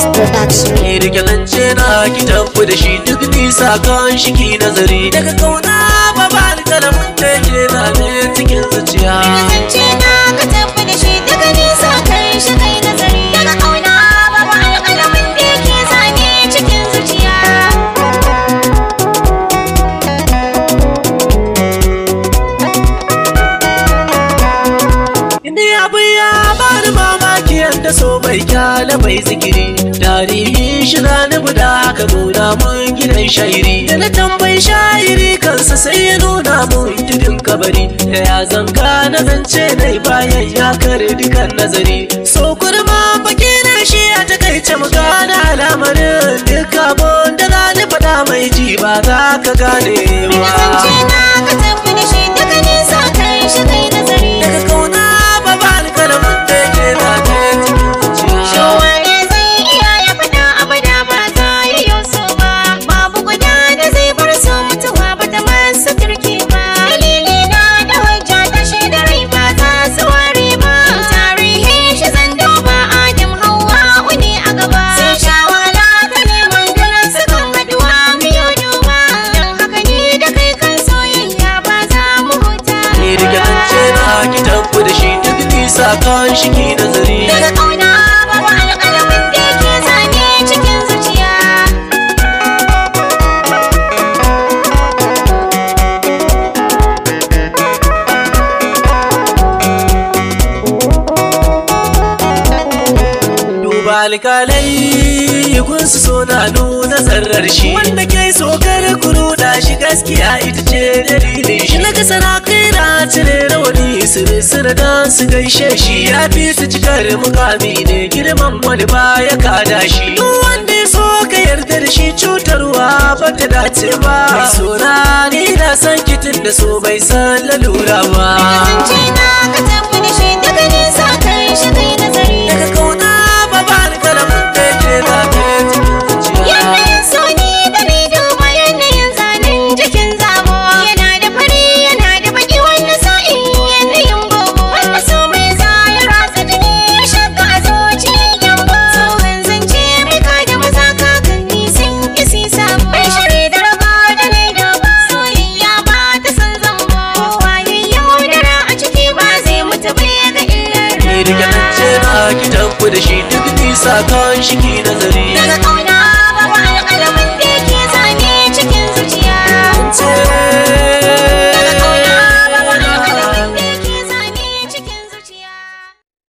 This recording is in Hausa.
Alex Production. Mai rike lance na ki tafi da shi duk nisa kan shi ki nazari. Daga kauna ba ba alƙalamin ke zane cikin zuciya. da so mai kyala mai zikiri tarihi shi na ni buda ka nuna mun gidan shairi da na tambayi shairi kansa sai ya nuna mun tudun kabari da ya zanga na zance na bayan ya kare dukan nazari so kurma baki na shi a takaice magana alamarin duk abun da na ni faɗa mai ji ba za ka gane ba a kan shi ki nazari daga kauna babu alƙalamin da yake zane cikin zuciya duba alƙalai gunsu so na nuna zarrar shi wanda ke so kar ku nuna shi gaskiya ita ce dalilin shi na kasara kai na cire su riga su gaishe shi ya fi su cikar mukami ne girman wani baya kada shi duk wanda ya so ka yarda da shi cutarwa ba ta dace ba mai da ni na san kitin da so bai san ya nace ba ki tafi da shi duk nisa kan shi ki nazari